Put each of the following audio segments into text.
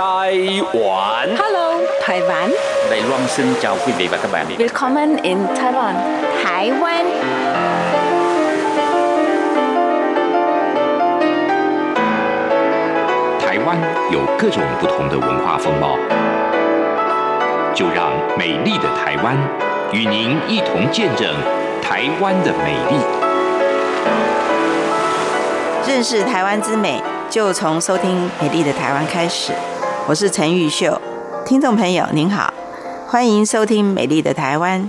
台灣。Hello, Taiwan. Welcome in Taiwan. 台灣。台灣有各種不同的文化風貌，就讓美麗的台灣與您一同見證台灣的美麗。認識台灣之美，就從收聽《美麗的台灣》開始。我是陳玉秀，聽眾朋友您好，歡迎收聽《美麗的台灣》。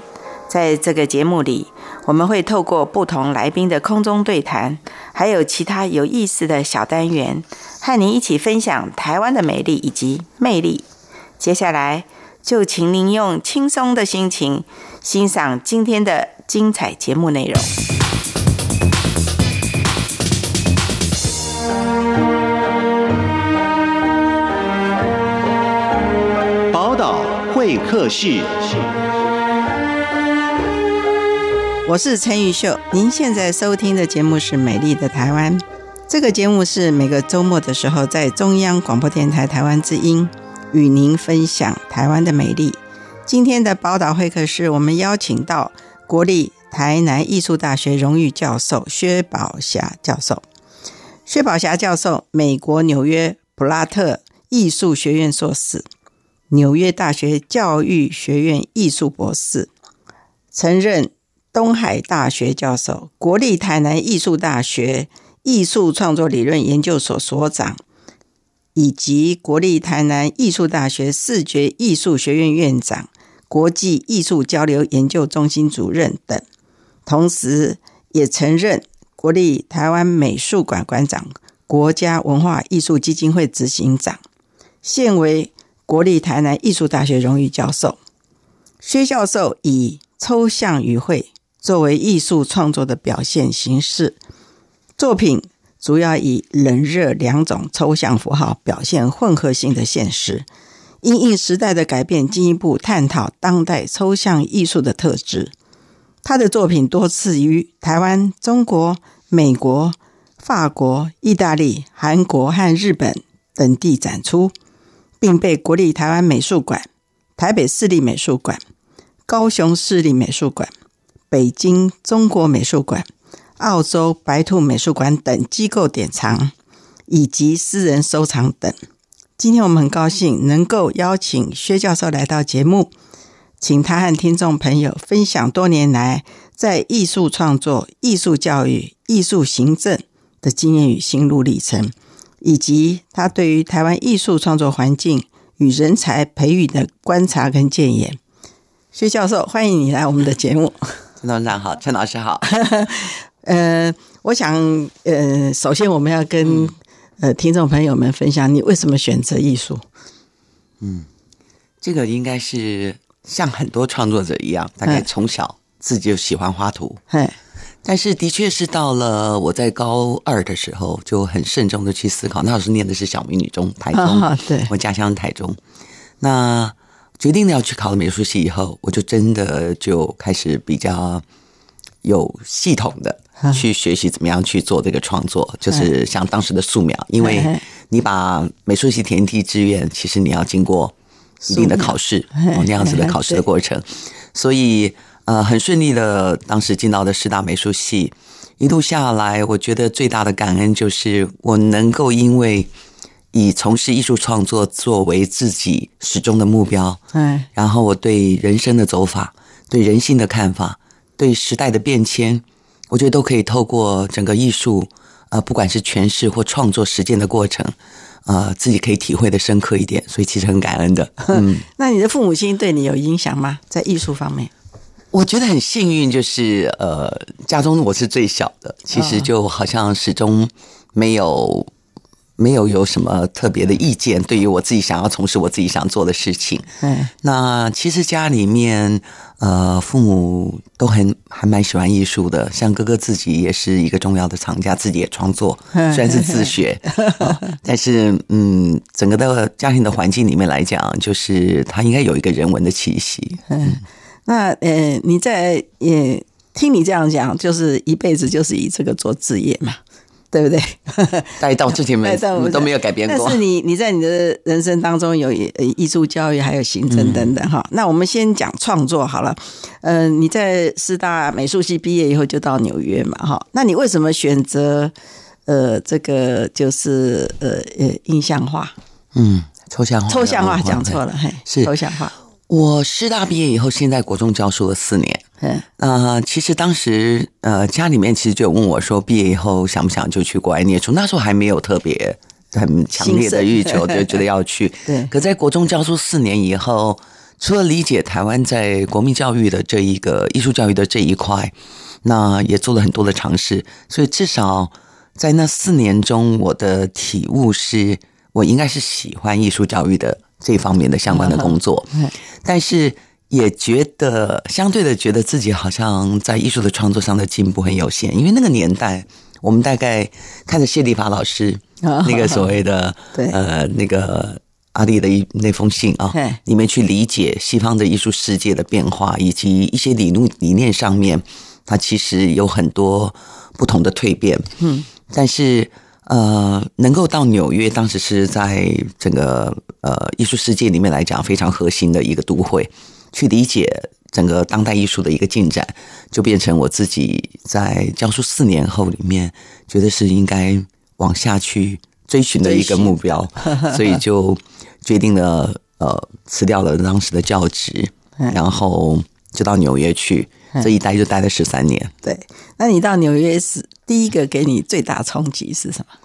在這個節目裡，我們會透過不同來賓的空中對談，還有其他有意思的小單元，和您一起分享台灣的美麗以及魅力。接下來，就請您用輕鬆的心情欣賞今天的精彩節目內容。我是陳玉秀。您現在收聽的節目是《美麗的台灣》。這個節目是每個周末的時候，在中央廣播電台《台灣之音》與您分享台灣的美麗。今天的寶島會客室，我們邀請到國立台南藝術大學榮譽教授薛保瑕教授。薛保瑕教授，美國紐約普拉特藝術學院碩士。紐約大學教育學院藝術博士，曾任東海大學教授、國立台南藝術大學藝術創作理論研究所所長，以及國立台南藝術大學視覺藝術學院院長、國際藝術交流研究中心主任等，同時，也曾任國立臺灣美術館館長、國家文化藝術基金會執行長，現為國立台南藝術大學榮譽教授。薛教授以抽象語彙作為藝術創作的表現形式，作品主要以冷熱兩種抽象符號表現混合性的現實，因應時代的改變，進一步探討當代抽象藝術的特質。她的作品多次於台灣、中國、美國、法國、意大利、韓國和日本等地展出。並被國立台灣美術館、台北市立美術館、高雄市立美術館、北京中國美術館、澳洲白兔美術館等機構典藏，以及私人收藏等。今天我們很高興能夠邀請薛教授來到節目，請他和聽眾朋友分享多年來在藝術創作、藝術教育、藝術行政的經驗與心路歷程。以及他對於台灣藝術創作環境與人才培育的觀察跟建言，薛教授，歡迎你來我們的節目。陳董事長好，陳老師好。 呃，我想，呃，首先我們要跟、嗯、呃聽眾朋友們分享，你為什麼選擇藝術？嗯，這個應該是像很多創作者一樣，大概從小自己就喜歡畫圖嘿。嘿。但是，的確是到了我在高二的時候，就很慎重的去思考。那老師念的是小美女中台中，哦、對我家鄉台中。那決定了要去考了美術系以後，我就真的就開始比較有系統的去學習怎麼樣去做這個創作，嗯、就是像當時的素描，嗯、因為你把美術系填第一志願，其實你要經過一定的考試，那素描 樣子的考試的過程，對所以。呃，很順利的，當時進到的十大美術系，一路下來，我覺得最大的感恩就是我能夠因為以從事藝術創作作為自己始終的目標，嗯，然後我對人生的走法、對人性的看法、對時代的變遷，我覺得都可以透過整個藝術，呃，不管是詮釋或創作實踐的過程，呃，自己可以體會的深刻一點，所以其實很感恩的。嗯，那你的父母親對你有影響嗎？在藝術方面？我覺得很幸運，就是呃，家中我是最小的，其實就好像始終沒有、oh. 沒有有什麼特別的意見，對於我自己想要從事我自己想做的事情。嗯，oh. 那其實家裡面呃，父母都很還蠻喜歡藝術的，像哥哥自己也是一個重要的藏家，自己也創作，雖然是自學，oh. 但是嗯，整個的家庭的環境裡面來講，就是他應該有一個人文的氣息。Oh. 嗯。那呃，你在也聽你這樣講，就是一輩子就是以這個做職業嘛，對不對？代代我們都沒有改變過。 但是你你在你的人生當中有藝術教育，還有行政等等哈。嗯、那我們先講創作好了。嗯，你在師大美術系畢業以後就到紐約嘛，哈。那你為什麼選擇呃這個就是呃呃印象畫？嗯，抽象畫。抽象畫講錯了，嘿是，抽象畫。我師大畢業以後，先在國中教書了四年。嗯、呃，那其實當時，呃，家裡面其實就有問我說，畢業以後想不想就去國外念書？那時候還沒有特別很強烈的欲求，思就覺得要去。 對，可在國中教書四年以後，除了理解台灣在國民教育的這一個藝術教育的這一塊，那也做了很多的嘗試。所以至少在那四年中，我的體悟是我應該是喜歡藝術教育的。這方面的相關的工作，嗯，oh, right. 但是也覺得相對的覺得自己好像在藝術的創作上的進步很有限，因為那個年代，我們大概看着謝立法老師，oh, right. 那個所謂的對 Right. 呃，那個阿弟的一那封信啊，Right. 裡面去理解西方的藝術世界的變化以及一些理論理念上面，它其實有很多不同的蛻變，嗯，oh, right. 但是。呃，能夠到紐約，當時是在整個呃藝術世界裡面來講非常核心的一個都會，去理解整個當代藝術的一個進展，就變成我自己在教書四年後裡面，覺得是應該往下去追尋的一個目標，追尋 所以就決定了呃辭掉了當時的教職， 然後就到紐約去，這一待就待了十三年。 對，那你到紐約是第一個給你最大衝擊是什麼？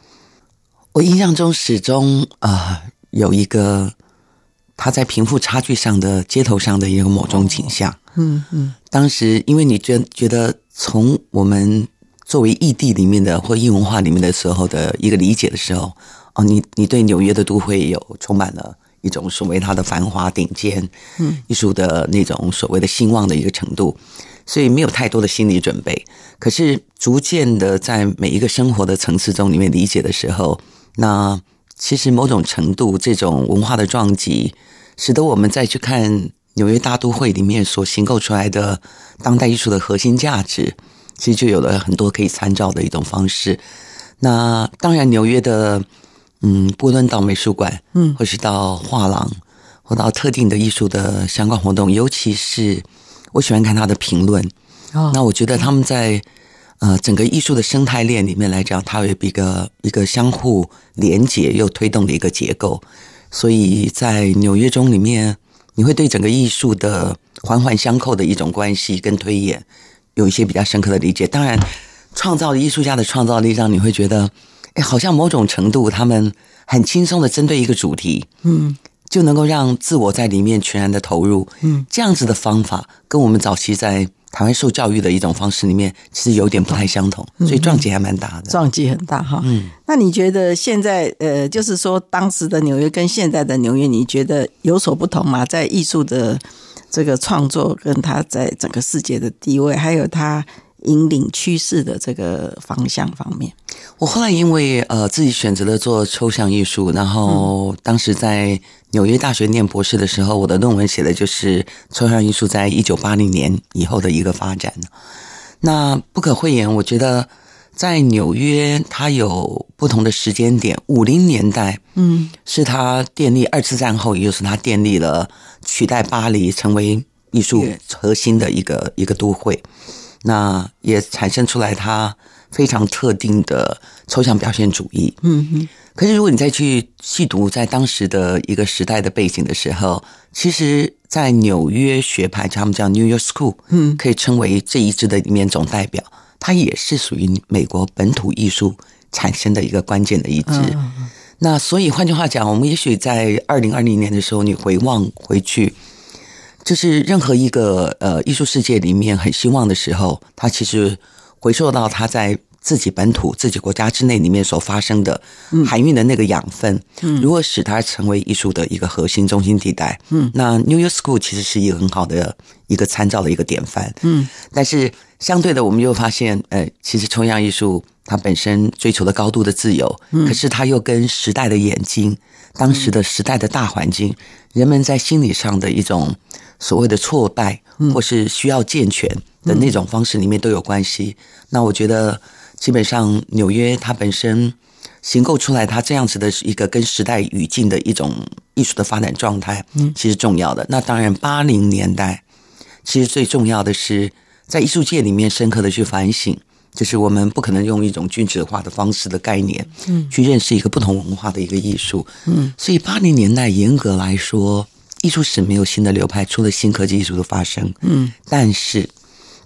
我印象中始終啊，呃，有一個他在貧富差距上的街頭上的一個某種景象。嗯、哦、嗯。嗯當時因為你覺覺得從我們作為異地裡面的或異文化裡面的時候的一個理解的時候，哦，你你對紐約的都會有充滿了一種所謂它的繁華頂尖，嗯，藝術的那種所謂的興旺的一個程度，所以沒有太多的心理準備。可是逐漸的在每一個生活的層次中裡面理解的時候。那其實某種程度，這種文化的撞擊，使得我們再去看紐約大都會裡面所形構出來的當代藝術的核心價值，其實就有了很多可以參照的一種方式。那當然，紐約的，嗯，不論到美術館，嗯，或是到畫廊，或到特定的藝術的相關活動，尤其是我喜歡看他的評論。Oh. 那我覺得他們在。呃，整個藝術的生態鏈裡面來講，它有一個一個相互連接又推動的一個結構，所以在紐約中裡面，你會對整個藝術的環環相扣的一種關係跟推演有一些比較深刻的理解。當然，創造的藝術家的創造力讓你會覺得，哎，好像某種程度他們很輕鬆的針對一個主題，嗯，就能夠讓自我在裡面全然的投入，嗯，這樣子的方法跟我們早期在。台灣受教育的一種方式裡面，其實有點不太相同，嗯，所以撞擊還蠻大的。撞擊很大哈。嗯，那你覺得現在呃，就是說當時的紐約跟現在的紐約，你覺得有所不同嗎？在藝術的這個創作，跟它在整個世界的地位，還有它。引領趨勢的這個方向方面，我後來因為呃自己選擇了做抽象藝術，然後當時在紐約大學念博士的時候，嗯、我的論文寫的就是抽象藝術在一九八零年以後的一個發展。那不可諱言，我覺得在紐約，它有不同的時間點。五零年代，嗯，是他建立二次戰後，嗯、也就是他建立了取代巴黎成為藝術核心的一個、嗯、一個都會。那也產生出來他非常特定的抽象表現主義。嗯哼。可是如果你再去細讀在當時的一個時代的背景的時候，其實，在紐約學派，他們叫 New York School，嗯，可以稱為這一支的裡面總代表，嗯、它也是屬於美國本土藝術產生的一個關鍵的一支。嗯、那所以換句話講，我們也許在二零二零年的時候，你回望回去。就是任何一個呃藝術世界裡面很興旺的時候，它其實回溯到它在自己本土、自己國家之內裡面所發生的含蘊的那個養分，嗯，如何使它成為藝術的一個核心中心地帶？嗯，那 New York School 其實是一個很好的一個參照的一個典範，嗯，但是相對的，我們又發現，呃，其實抽象藝術它本身追求了高度的自由，嗯，可是它又跟時代的眼睛，當時的時代的大環境，嗯，人們在心理上的一種。所謂的挫敗，或是需要健全的那種方式裡面都有關係。嗯嗯、那我覺得，基本上紐約它本身形構出來它這樣子的一個跟時代語境的一種藝術的發展狀態，其實重要的。嗯、那當然，八零年代其實最重要的是在藝術界裡面深刻的去反省，就是我們不可能用一種均質化的方式的概念，嗯，去認識一個不同文化的一個藝術，嗯，所以八零年代嚴格來說，藝術史沒有新的流派，除了新科技藝術的發生，嗯，但是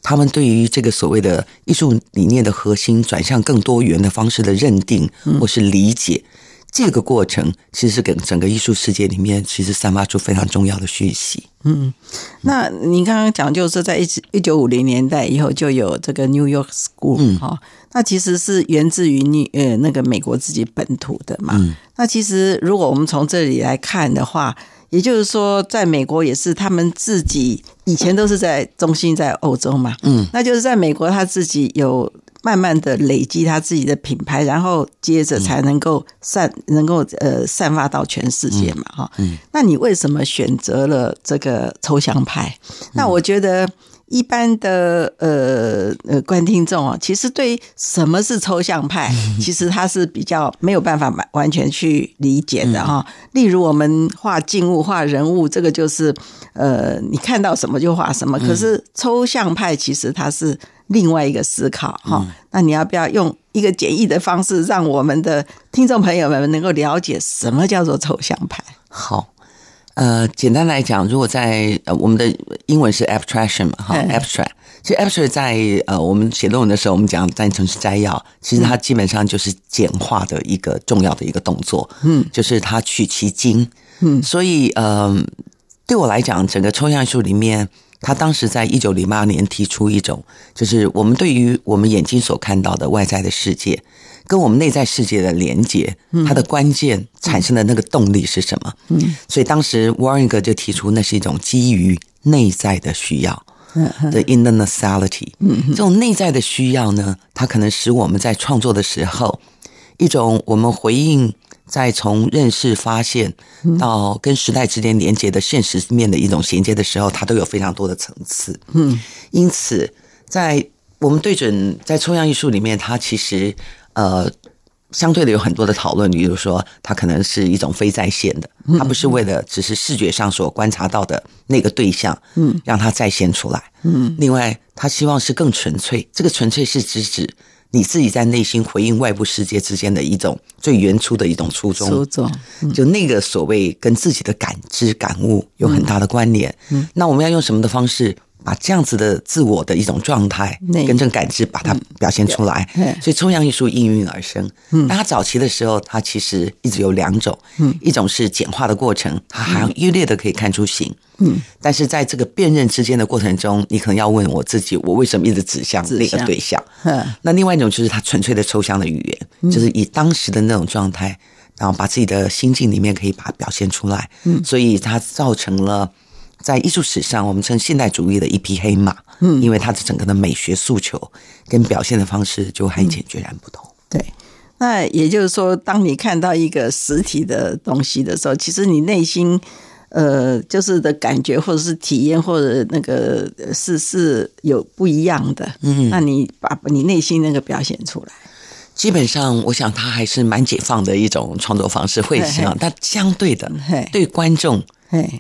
他們對於這個所謂的藝術理念的核心轉向更多元的方式的認定或是理解，嗯、這個過程其實是給整個藝術世界裡面其實散發出非常重要的訊息。嗯，嗯，那你剛剛講就是，在一九一九五零年代以後就有這個 New York School 啊、嗯哦，那其實是源自於你呃那個美國自己本土的嘛。嗯、那其實如果我們從這裡來看的話，也就是說，在美國也是他們自己以前都是在中心在歐洲嘛，嗯，那就是在美國他自己有慢慢的累積他自己的品牌，然後接着才能夠散，嗯、能夠呃散發到全世界嘛，齁、嗯，嗯、那你為什麼選擇了這個抽象派？那我覺得。一般的呃呃觀聽眾啊，其實對於什麼是抽象派，其實他是比較沒有辦法完完全去理解的哈。嗯、例如我們畫靜物、畫人物，這個就是呃你看到什麼就畫什麼。可是抽象派其實它是另外一個思考哈。嗯、那你要不要用一個簡易的方式，讓我們的聽眾朋友們能夠了解什麼叫做抽象派？好。呃，簡單來講，如果在呃，我們的英文是 abstraction 嘛、嗯，哈 abstraction 其實 abstraction 在呃，我們寫論文的時候，我們講成是摘要，其實它基本上就是簡化的一個重要的一個動作。嗯，就是它取其精。嗯，所以呃，對我來講，整個抽象藝術裡面，他當時在一九零八年提出一種，就是我們對於我們眼睛所看到的外在的世界。跟我們內在世界的連接，它的關鍵產生的那個動力是什麼？嗯，嗯，所以當時 Worringer 就提出，那是一種基於內在的需要的 inner necessity 嗯，嗯，嗯，這種內在的需要呢，它可能使我們在創作的時候，一種我們回應在從認識發現到跟時代之間連接的現實面的一種銜接的時候，它都有非常多的層次。嗯，嗯，因此，在我們對準在抽象藝術裡面，它其實。呃，相對的有很多的討論，比如說它可能是一種非再現的，嗯、它不是為了只是視覺上所觀察到的那個對象，嗯，讓它再現出來，嗯，另外他希望是更純粹，這個純粹是指指你自己在內心回應外部世界之間的一種最原初的一種初衷，初衷，嗯、就那個所謂跟自己的感知感悟有很大的關聯，嗯，那我們要用什麼的方式？把這樣子的自我的一種狀態，跟正感知，把它表現出來。所以抽象藝術應運而生。那他早期的時候，他其實一直有兩種，一種是簡化的過程，它像依劣的可以看出形。嗯，但是在這個辨認之間的過程中，你可能要問我自己：我為什麼一直指向那個對象？那另外一種就是他純粹的抽象的語言，就是以當時的那種狀態，然後把自己的心境裡面可以把它表現出來。嗯，所以它造成了。在藝術史上，我們稱現代主義的一匹黑馬，嗯，因為它的整個的美學訴求跟表現的方式就和以前截然不同。嗯。對，那也就是說，當你看到一個實體的東西的時候，其實你內心，呃，就是的感覺或者是體驗，或者那個是是有不一樣的。嗯，那你把你內心那個表現出來，基本上，我想它還是蠻解放的一種創作方式，會是啊，嘿嘿，但相對的，嘿對觀眾。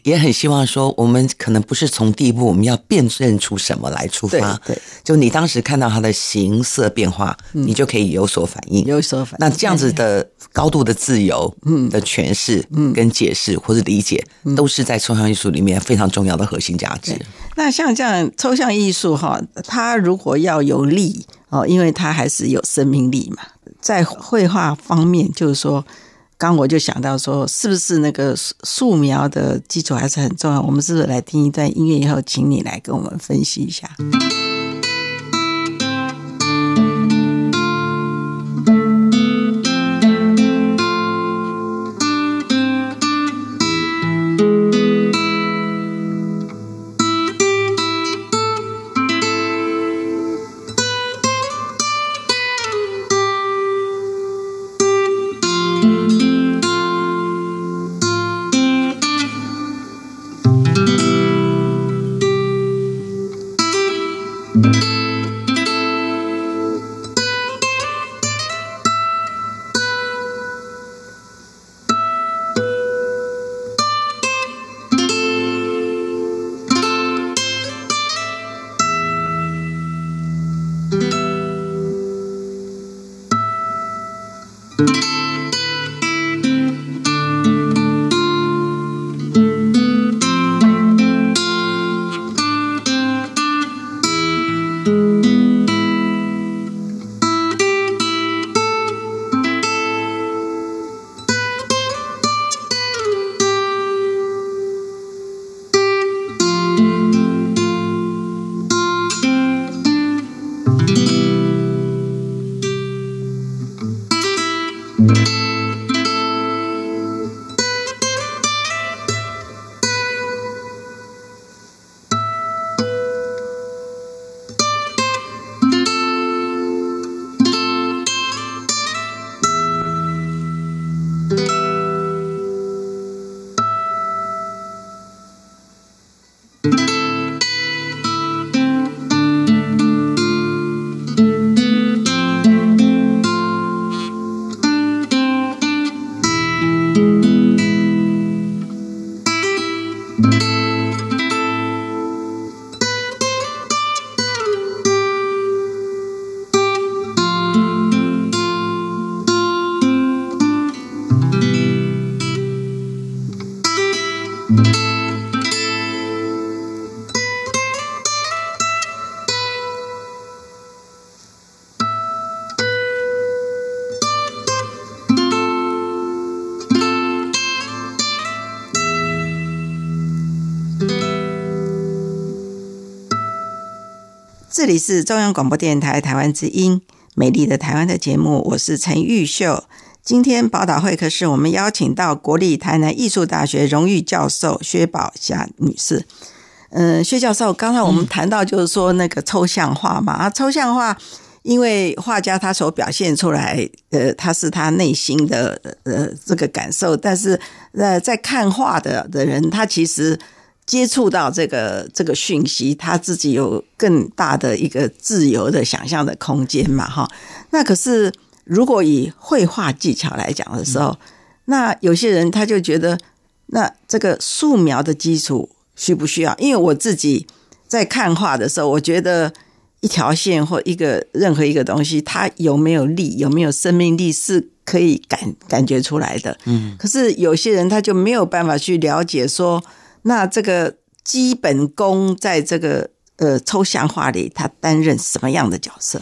也很希望說，我們可能不是從第一步我們要辨認出什麼來出發，對，對，就你當時看到它的形色變化，嗯、你就可以有所反應，有所反應。那這樣子的高度的自由，嗯，的詮釋、嗯，跟解釋或是理解，都是在抽象藝術裡面非常重要的核心價值。那像這樣抽象藝術哈、哦，它如果要有力哦，因為它還是有生命力嘛，在繪畫方面，就是說。剛我就想到說，是不是那個素素描的基礎還是很重要？我們是不是來聽一段音樂以後，請你來跟我們分析一下？這裡是中央廣播電台台灣之音，美麗的台灣的節目，我是陳玉秀。今天寶島會客室，我們邀請到國立台南藝術大學榮譽教授薛保瑕女士。嗯，薛教授，剛才我們談到就是說那個抽象畫嘛，嗯、啊，抽象畫，因為畫家他所表現出來，呃，他是他內心的呃這個感受，但是呃，在看畫的的人，他其實。接觸到這個這個訊息，他自己有更大的一個自由的想象的空間嘛。哈，那可是如果以繪畫技巧來講的時候，嗯，那有些人他就覺得，那這個素描的基礎需不需要？因為我自己在看畫的時候，我覺得一條線或一個任何一個東西，它有沒有力，有沒有生命力，是可以感感覺出來的。嗯，可是有些人他就沒有辦法去了解說。那這個基本功在這個呃抽象畫裡，他擔任什麼樣的角色？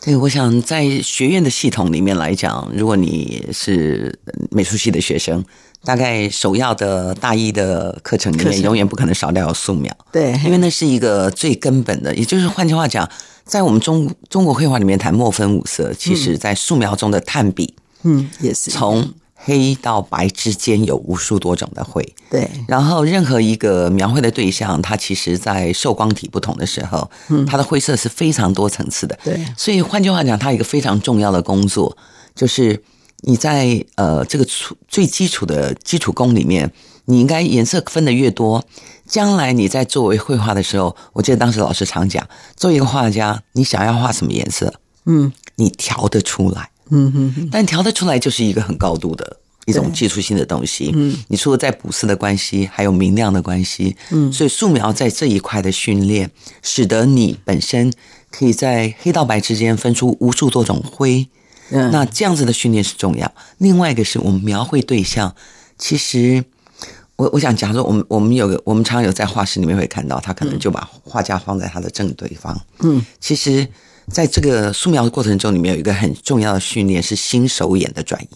對，我想在學院的系統裡面來講，如果你是美術系的學生，大概首要的大一的課程裡面，永遠不可能少掉素描。對，因為那是一個最根本的，也就是換句話講，在我們中中國繪畫裡面談墨分五色，其實在素描中的炭筆，嗯，也是從。黑到白之間有無數多種的灰。對。然後任何一個描繪的對象，它其實在受光體不同的時候，嗯，它的灰色是非常多層次的。對。所以換句話講，它一個非常重要的工作，就是你在呃這個最基礎的基礎功裡面，你應該顏色分得越多，將來你在作為繪畫的時候，我記得當時老師常講，作為一個畫家，你想要畫什麼顏色，嗯，你調得出來。嗯哼， 但調得出來就是一個很高度的一種技術性的東西。嗯對，你除了在補色的關係，還有明亮的關係。嗯，所以素描在這一塊的訓練，使得你本身可以在黑到白之間分出無數多種灰。嗯，那這樣子的訓練是重要。另外一個是我們描繪對象，其實我我想，假如說我們我們有個我們常常有在畫室裡面會看到，他可能就把畫架放在他的正對方。嗯，其實。在這個素描的過程中，裡面有一個很重要的訓練是心手眼的轉移。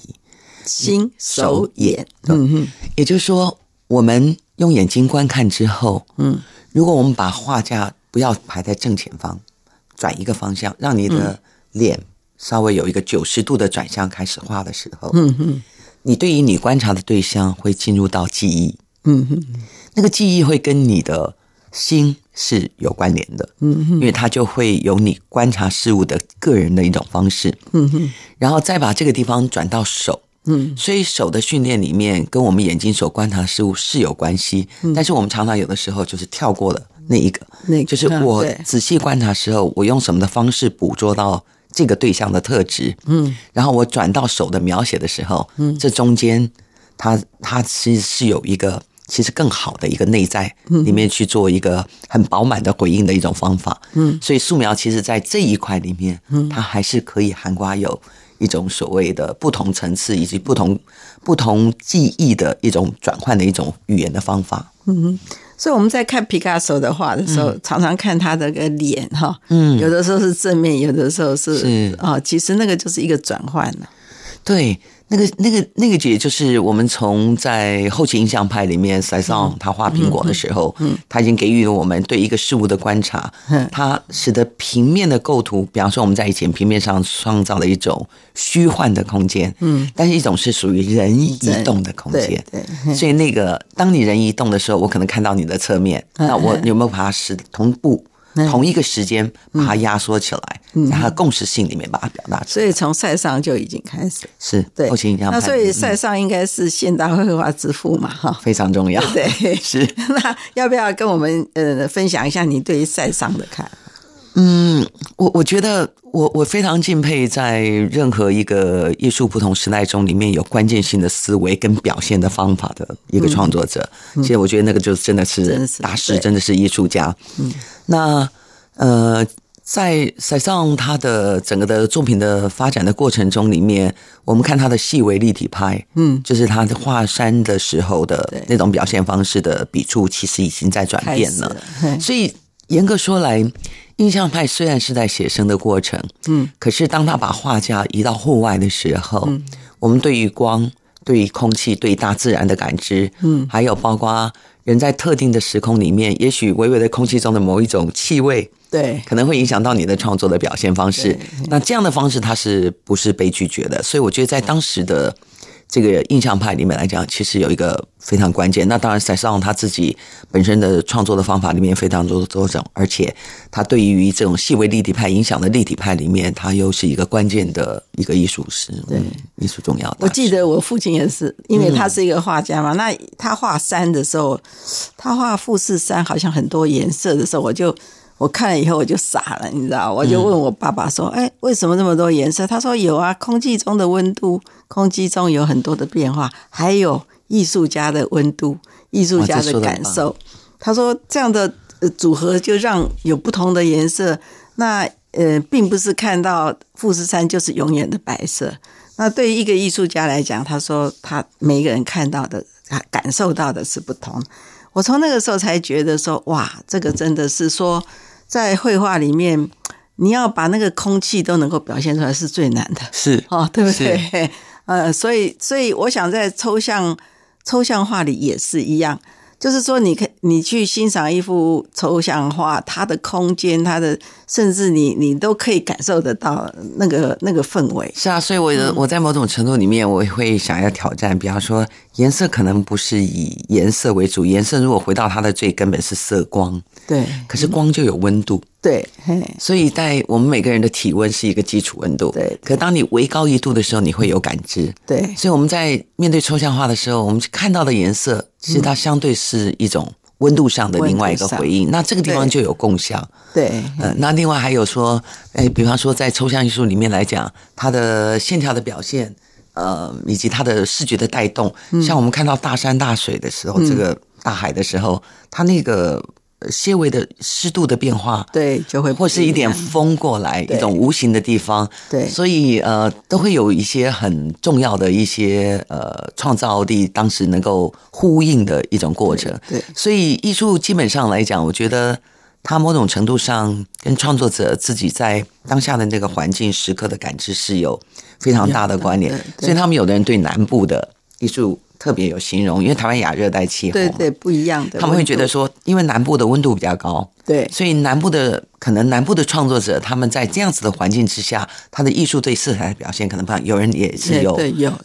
心手眼，嗯哼，也就是說，我們用眼睛觀看之後，嗯，如果我們把畫架不要排在正前方，轉一個方向，讓你的臉稍微有一個九十度的轉向，開始畫的時候，嗯哼，你對於你觀察的對象會進入到記憶，嗯哼，那個記憶會跟你的心。是有關聯的，嗯哼，因為它就會有你觀察事物的個人的一種方式，嗯哼，然後再把這個地方轉到手，嗯，所以手的訓練裡面跟我們眼睛所觀察事物是有關係，但是我們常常有的時候就是跳過了那一個，那就是我仔細觀察時候，我用什麼的方式捕捉到這個對象的特質，嗯，然後我轉到手的描寫的時候，嗯，這中間它它其實是有一個。其實更好的一個內在裡面去做一個很飽滿的回應的一種方法，嗯，所以素描其實在這一塊裡面，嗯，它還是可以涵蓋有一種所謂的不同層次以及不同不同記憶的一種轉換的一種語言的方法，嗯，所以我們在看畢卡索的畫的時候，嗯、常常看他的個臉哈，嗯，有的時候是正面，有的時候是啊是、哦，其實那個就是一個轉換了，對。那個、那個、那個姐，就是我們從在後期印象派裡面，塞尚，他畫蘋果的時候，嗯，嗯，他已經給予了我們對一個事物的觀察，他使得平面的構圖，比方說我們在以前平面上創造了一種虛幻的空間，嗯，但是一種是屬於人移動的空間，對對、嗯，所以那個當你人移動的時候，我可能看到你的側面，那我，你有沒有把它使同步？同一個時間把它壓縮起來，嗯、然後的共識性裡面把它表達出來、嗯。所以從塞尚就已經開始，是，對。後期要那所以塞尚應該是現代繪畫之父嘛，哈、嗯，非常重要。對，是。 是那要不要跟我們呃分享一下你對於塞尚的看法？嗯，我我覺得我我非常敬佩，在任何一個藝術不同時代中，裡面有關鍵性的思維跟表現的方法的一個創作者，嗯嗯、其實我覺得那個就真的是大師，真，真的是藝術家。嗯，那呃，在塞尚 在 他的整個的作品的發展的過程中裡面，我們看他的細微立體派，嗯，就是他畫山的時候的那種表現方式的筆觸，其實已經在轉變了，了所以。嚴格說來，印象派雖然是在寫生的過程，嗯，可是當他把畫架移到戶外的時候，嗯，我們對於光、對於空氣、對於大自然的感知，嗯，還有包括人在特定的時空裡面，也許微微的空氣中的某一種氣味，對，可能會影響到你的創作的表現方式。對那這樣的方式，它是不是被拒絕的？所以我覺得，在當時的這個印象派裡面來講，其實有一個。非常關鍵，那當然在上他自己本身的創作的方法裡面非常多多種，而且他對於這種細微立體派影響的立體派裡面，他又是一個關鍵的一個藝術師，對、嗯、藝術重要的。我記得我父親也是，因為他是一個畫家嘛，嗯、那他畫山的時候，他畫富士山好像很多顏色的時候，我就我看了以後我就傻了，你知道，我就問我爸爸說：“嗯、哎，為什麼這麼多顏色？”他說：“有啊，空氣中的溫度，空氣中有很多的變化，還有。”藝術家的溫度，藝術家的感受。他說這樣的組合就讓有不同的顏色。那呃，並不是看到富士山就是永遠的白色。那對於一個藝術家來講，他說他每個人看到的、感受到的是不同。我從那個時候才覺得說，哇，這個真的是說，在繪畫裡面，你要把那個空氣都能夠表現出來是最難的，是、哦、對不對？是 呃，所以，所以我想在抽象。抽象畫裡也是一樣，就是說你，你可你去欣賞一幅抽象畫，它的空間，它的，甚至你，你都可以感受得到那個那個氛圍。是啊，所以，我我在某種程度裡面，我會想要挑戰，嗯、比方說，顏色可能不是以顏色為主，顏色如果回到它的最根本是色光。對，可是光就有溫度。嗯。對，所以，在我們每個人的體溫是一個基礎溫度。對，對對，可當你微高一度的時候，你會有感知。對，所以我們在面對抽象畫的時候，我們看到的顏色，其實它相對是一種溫度上的另外一個回應。嗯、那這個地方就有共享。對，嗯、呃，那另外還有說，哎，比方說，在抽象藝術裡面來講，它的線條的表現，呃，以及它的視覺的帶動，嗯、像我們看到大山大水的時候，嗯、這個大海的時候，它那個。呃，些微的濕度的變化，對，就會，或是一點風過來，對一種無形的地方，對，所以呃，都會有一些很重要的一些呃，創造力，當時能夠呼應的一種過程，對，對，所以藝術基本上來講，我覺得它某種程度上跟創作者自己在當下的那個環境時刻的感知是有非常大的關聯。對對，所以他們有的人對南部的藝術。特別有形容，因為台灣亞熱帶氣候，對對，不一樣的。他們會覺得說，度因為南部的溫度比較高，對，所以南部的可能南部的創作者，他們在這樣子的環境之下，對他的藝術對色彩的表現可能不一樣。有人也是有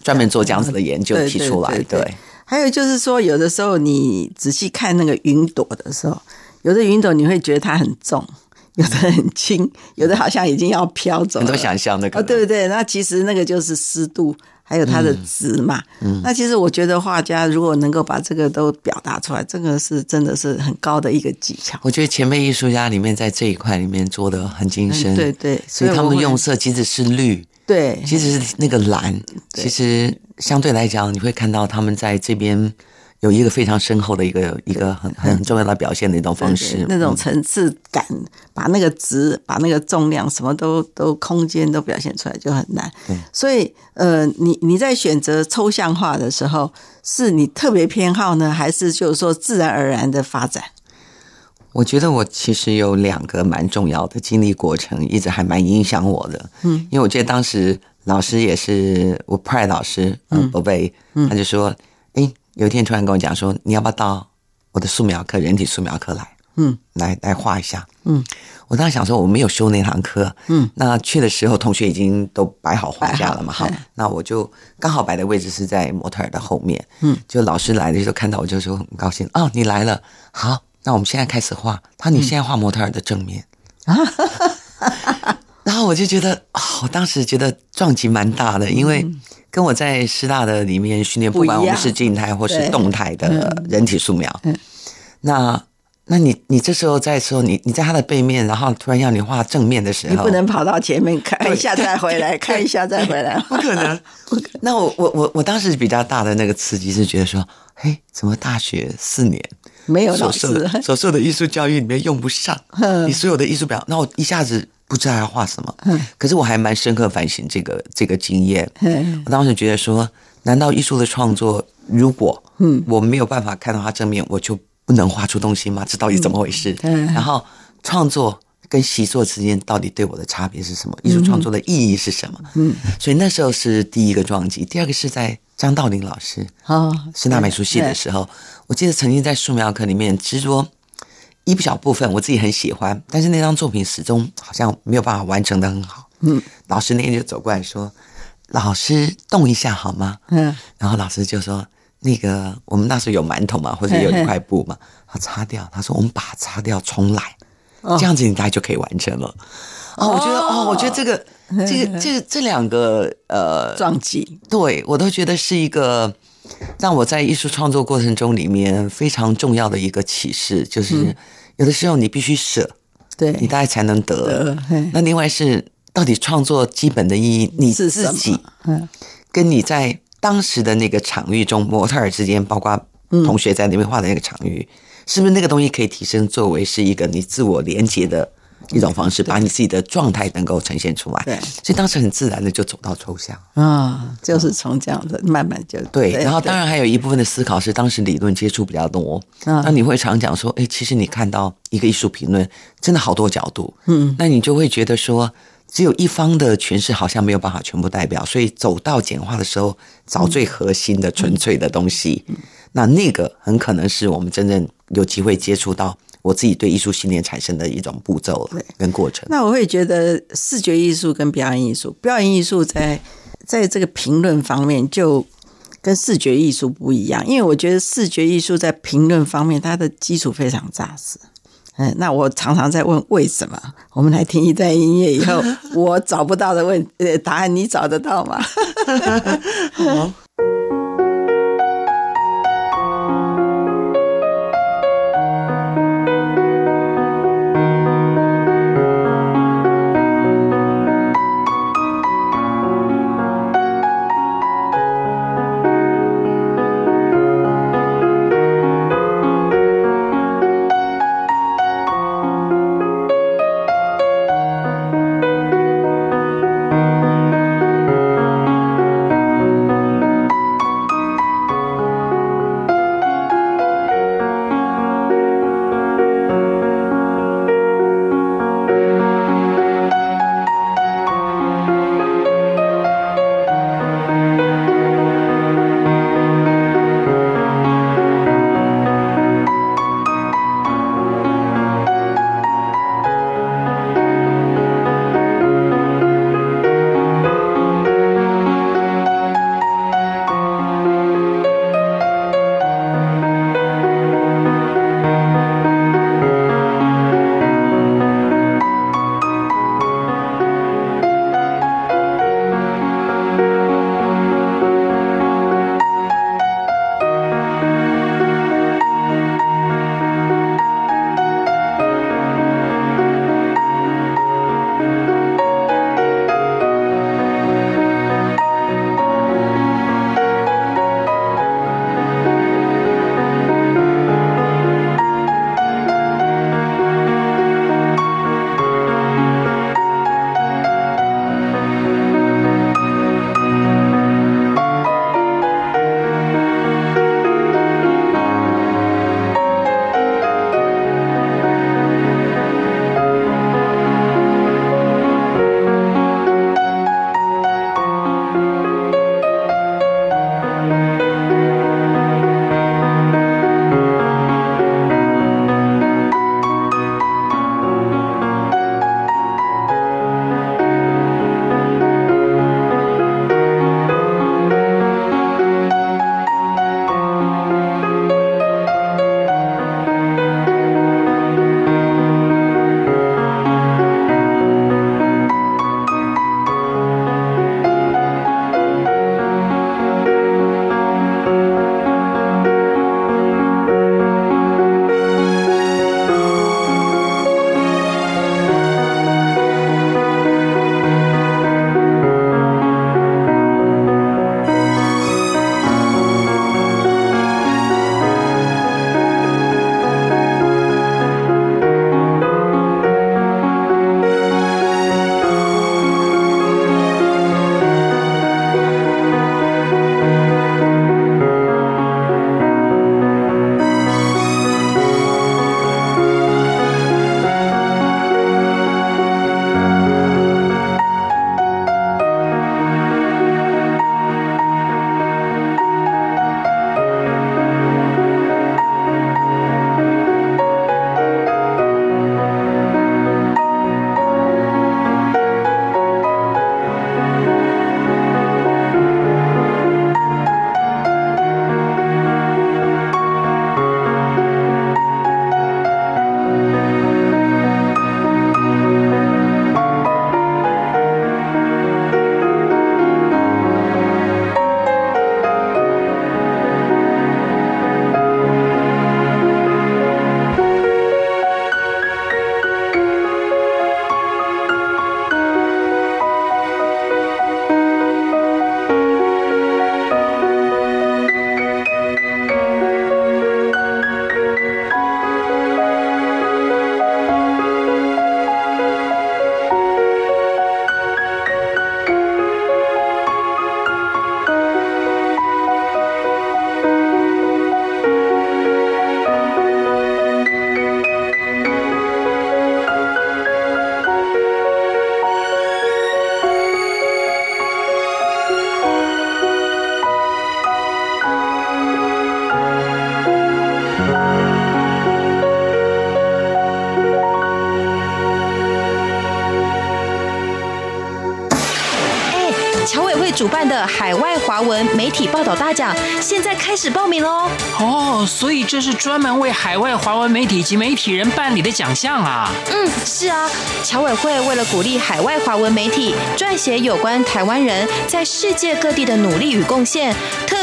專門做這樣子的研究提出來。對，還有就是說，有的時候你仔細看那個雲朵的時候，有的雲朵你會覺得它很重，有的很輕，有的好像已經要飄走。你怎麼想象那個啊、哦，對不對？那其實那個就是濕度。還有它的值嘛、嗯？嗯、那其實我覺得畫家如果能夠把這個都表達出來，這個是真的是很高的一個技巧。我覺得前輩藝術家裡面在這一塊裡面做得很精深、嗯，對對，所以我們，所以他們的用色其實是綠，對，其實是那個藍，嗯、其實相對來講，你會看到他們在這邊。有一個非常深厚的一個一個很很重要的表現的一種方式，那種層次感，嗯、把那個質、把那個重量、什麼都都空間都表現出來就很難。對所以，呃，你你在選擇抽象化的時候，是你特別偏好呢，還是就是說自然而然的發展？我覺得我其實有兩個蠻重要的經歷過程，一直還蠻影響我的。嗯，因為我覺得當時老師也是我派老師，嗯，伯貝、嗯，他就說。有一天突然跟我講說：“你要不要到我的素描課、人體素描課來？”嗯，來來畫一下。嗯，我當時想說我沒有修那堂課。嗯，那去的時候同學已經都擺好畫架了嘛。好，好唉那我就剛好擺的位置是在模特兒的後面。嗯，就老師來的時候看到我就說很高興啊、哦，你來了。好，那我們現在開始畫。他說：“你現在畫模特兒的正面。嗯”啊哈哈哈哈哈！然後我就覺得、哦，我當時覺得撞擊蠻大的，因為、嗯。跟我在師大的裡面訓練不管我們是靜態或是動態的人體素描。嗯、那，那你，你這時候在說你，你在他的背面，然後突然要你畫正面的時候，你不能跑到前面看一下再回來，對看一下再回來， 不可能。 不可能。那我，我，我，我當時比較大的那個刺激是覺得說，嘿，怎麼大學四年沒有所受的所受的藝術教育裡面用不上、嗯、你所有的藝術表，那我一下子。 不知道要畫什麼，可是我還蠻深刻反省這個這個經驗。我當時覺得說，難道藝術的創作如果我沒有辦法看到它正面，我就不能畫出東西嗎？這到底怎麼回事？嗯、然後創作跟習作之間到底對我的差別是什麼？藝術創作的意義是什麼？嗯，所以那時候是第一個撞擊。第二個是在張道林老師師大美術系的時候，嗯、我記得曾經在素描課裡面執着。一不小部分，我自己很喜歡，但是那張作品始終好像沒有辦法完成得很好。嗯，老師那天就走過來說：“老師動一下好嗎？”嗯，然後老師就說：“那個我們那時候有饅頭嘛，或者有一塊布嘛，嘿嘿他擦掉。他說我們把它擦掉重來，哦、這樣子你大概就可以完成了。哦”哦，我覺得哦，我覺得這個嘿嘿這個這個這兩個呃撞擊，對我都覺得是一個。但我在藝術創作過程中裡面非常重要的一個啟示就是，有的時候你必須捨，對，你大概才能得。那另外是到底創作基本的意義，你自己，跟你在當時的那個場域中模特兒之間，包括同學在那邊畫的那個場域，是不是那個東西可以提升作為是一個你自我連接的一種方式，把你自己的狀態能夠呈現出來。所以當時很自然的就走到抽象啊，就是從這樣的慢慢就對。然後當然還有一部分的思考是，當時理論接觸比較多，那你會常講說，哎，其實你看到一個藝術評論，真的好多角度，嗯，那你就會覺得說，只有一方的詮釋好像沒有辦法全部代表，所以走到簡化的時候，找最核心的純粹的東西，那那個很可能是我們真正有機會接觸到。我自己對藝術訓練產生的一種步驟，跟過程對。那我會覺得視覺藝術跟表演藝術，表演藝術在，在這個評論方面就跟視覺藝術不一樣，因為我覺得視覺藝術在評論方面它的基礎非常扎實。嗯，那我常常在問為什麼？我們來聽一段音樂以後，我找不到的問呃 答案，你找得到嗎？好。 大獎現在開始報名嘍！哦，oh, 所以這是專門為海外華文媒體及媒體人辦理的獎項啊。嗯，是啊，僑委會為了鼓勵海外華文媒體撰寫有關台灣人在世界各地的努力與貢獻。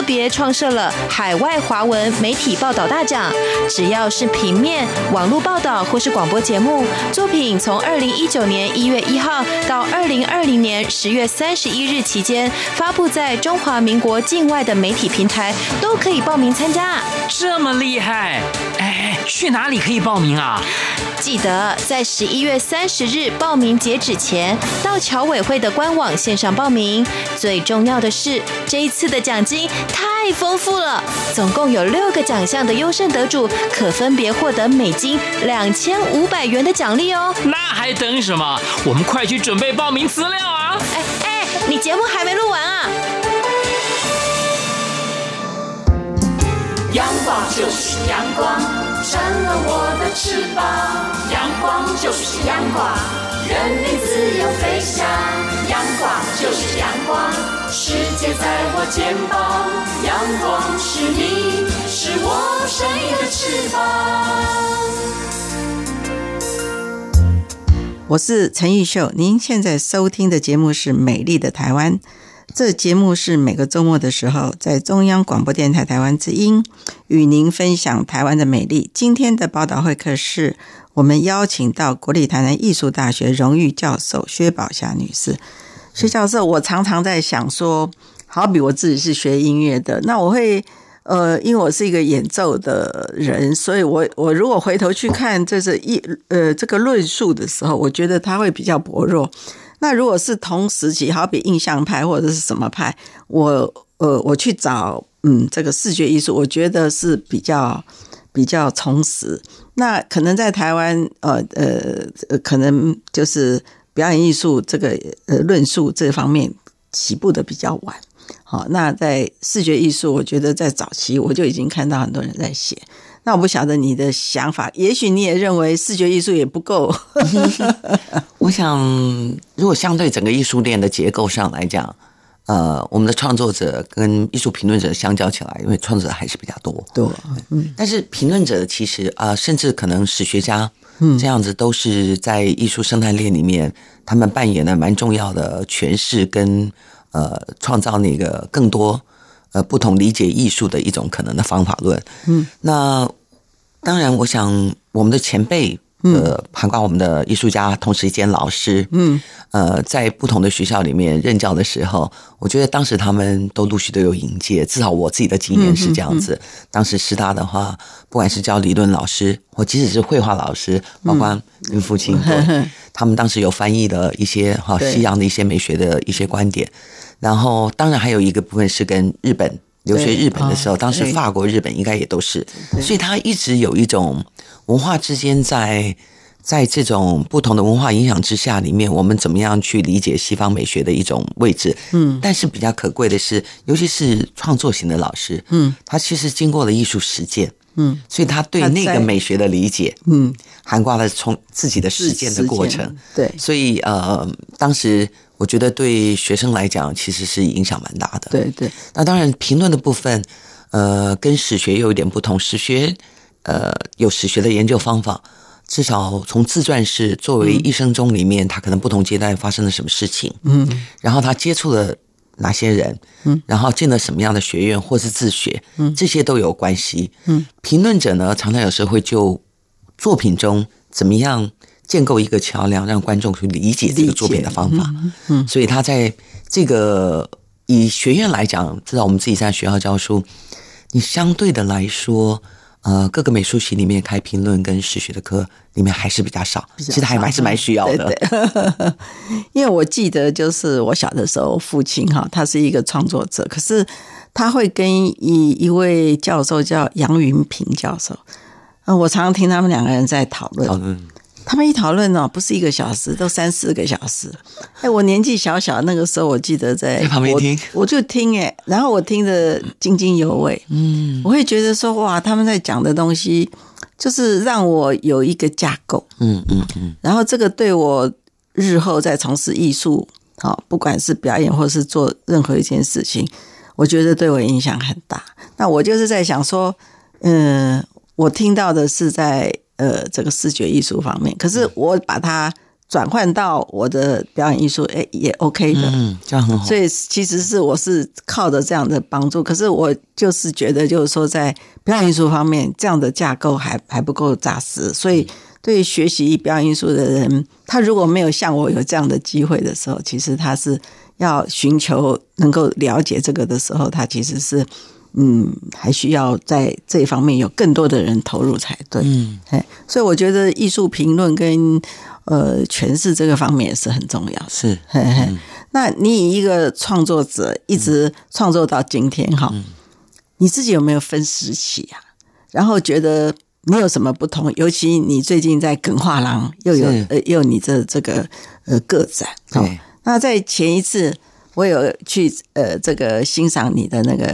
特別創設了海外華文媒體報道大獎，只要是平面、網絡報道或是廣播節目作品，從二零一九年一月一號到二零二零年十月三十一日期間發布在中華民國境外的媒體平台都可以報名參加。這麼厲害！哎，去哪裡可以報名啊？記得在十一月三十日報名截止前到僑委會的官網線上報名。最重要的是，這一次的獎金。太豐富了，總共有六個獎項的優勝得主可分別獲得美金兩千五百元的獎勵哦。那還等什麼？我們快去準備報名資料啊！哎哎、欸欸，你節目還沒錄完啊？陽光就是陽光，纏了我的翅膀。陽光就是陽光。人民自由飛翔，陽光就是陽光，世界在我肩膀，陽光是你，是我生命的翅膀。我是陳玉秀，您現在收聽的節目是《美麗的台灣》，這節目是每個周末的時候在中央廣播電台台灣之音與您分享台灣的美麗。今天的寶島會客室，我們邀請到國立台南藝術大學榮譽教授薛保瑕女士。薛教授，我常常在想說，好比我自己是學音樂的，那我會，呃，因為我是一個演奏的人，所以我我如果回頭去看這是一呃這個論述的時候，我覺得它會比較薄弱。那如果是同時期，好比印象派或者是什麼派，我呃我去找嗯這個視覺藝術，我覺得是比較比較充實。那可能在台灣，呃呃，可能就是表演藝術這個論述這方面起步的比較晚。好，那在視覺藝術，我覺得在早期我就已經看到很多人在寫。那我不曉得你的想法，也許你也認為視覺藝術也不夠。 我想，如果相對整個藝術鏈的結構上來講。呃，我們的創作者跟藝術評論者相較起來，因為創作者還是比較多，對，對嗯，但是評論者其實啊、呃，甚至可能史學家，嗯，這樣子都是在藝術生態鏈裡面，嗯、他們扮演了蠻重要的詮釋跟呃創造那個更多呃不同理解藝術的一種可能的方法論，嗯，那當然，我想我們的前輩。嗯、呃，包括我們的藝術家，同時兼老師，嗯，呃，在不同的學校裡面任教的時候，我覺得當時他們都陸續都有迎接，至少我自己的經驗是這樣子。嗯嗯嗯、當時師大的話，不管是教理論老師，或即使是繪畫老師，包括孕父親、嗯、對他們當時有翻譯的一些哈西洋的一些美學的一些觀點。對然後，當然還有一個部分是跟日本對留學日本的時候，對當時法國、對日本應該也都是，所以他一直有一種。文化之間在，在在這種不同的文化影響之下，裡面我們怎麼樣去理解西方美學的一種位置？嗯，但是比較可貴的是，尤其是創作型的老師，嗯，他其實經過了藝術實踐，嗯，所以他對那個美學的理解，嗯，涵蓋了從自己的實踐的過程，對，所以呃，當時我覺得對學生來講其實是影響蠻大的，對對。那當然評論的部分，呃，跟史學又有點不同，史學。呃，有史學的研究方法，至少從自傳是作為一生中裡面，他可能不同階段發生了什麼事情，嗯，然後他接觸了哪些人，嗯，然後進了什麼樣的學院或是自學，嗯，這些都有關係，嗯，評論者呢，常常有時候會就作品中怎麼樣建構一個橋樑，讓觀眾去理解這個作品的方法，嗯，嗯，所以他在這個以學院來講，至少我們自己在學校教書，你相對的來說。呃，各個美術系裡面開評論跟史學的課，裡面還是比較少，較少，其實還蠻是蠻需要的。對對，呵呵，因為我記得，就是我小的時候，父親哈，他是一個創作者，可是他會跟一一位教授叫楊雲平教授，嗯，我常常聽他們兩個人在討論。討論他們一討論呢，不是一個小時，都三四個小時。哎，我年紀小小，那個時候我記得在，在旁邊聽我，我就聽誒，然後我聽得津津有味。嗯，我會覺得說哇，他們在講的東西，就是讓我有一個架構。嗯嗯嗯。嗯嗯，然後這個對我日後在從事藝術，好，不管是表演或是做任何一件事情，我覺得對我影響很大。那我就是在想說，嗯，我聽到的是在。呃，這個視覺藝術方面，可是我把它轉換到我的表演藝術，哎，也 OK 的，嗯，這樣很好。所以其實是我是靠着這樣的幫助，可是我就是覺得，就是說在表演藝術方面，嗯，這樣的架構還，還不夠扎實。所以，對學習表演藝術的人，他如果沒有像我有這樣的機會的時候，其實他是要尋求能夠了解這個的時候，他其實是。嗯，還需要在這方面有更多的人投入才對。嗯，嘿，所以我覺得藝術評論跟呃詮釋這個方面也是很重要。是，嗯、嘿嘿，那，你以一個創作者一直創作到今天哈、嗯哦，你自己有沒有分時期啊？然後覺得沒有什麼不同，尤其你最近在耿畫廊又有是呃又有你的這，這個呃個展、啊，對、哦，那在前一次。我有去呃，這個欣賞你的那個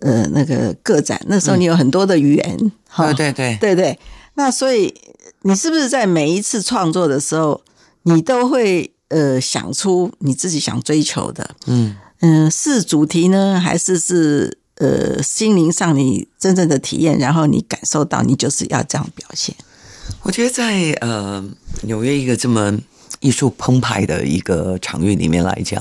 呃那個個展，那時候你有很多的語言，嗯、哈、哦，對對對對。那所以你是不是在每一次創作的時候，你都會呃想出你自己想追求的？嗯嗯、呃，是主題呢，還是是呃心靈上你真正的體驗，然後你感受到你就是要這樣表現？我覺得在呃紐約一個這麼藝術澎湃的一個場域裡面來講，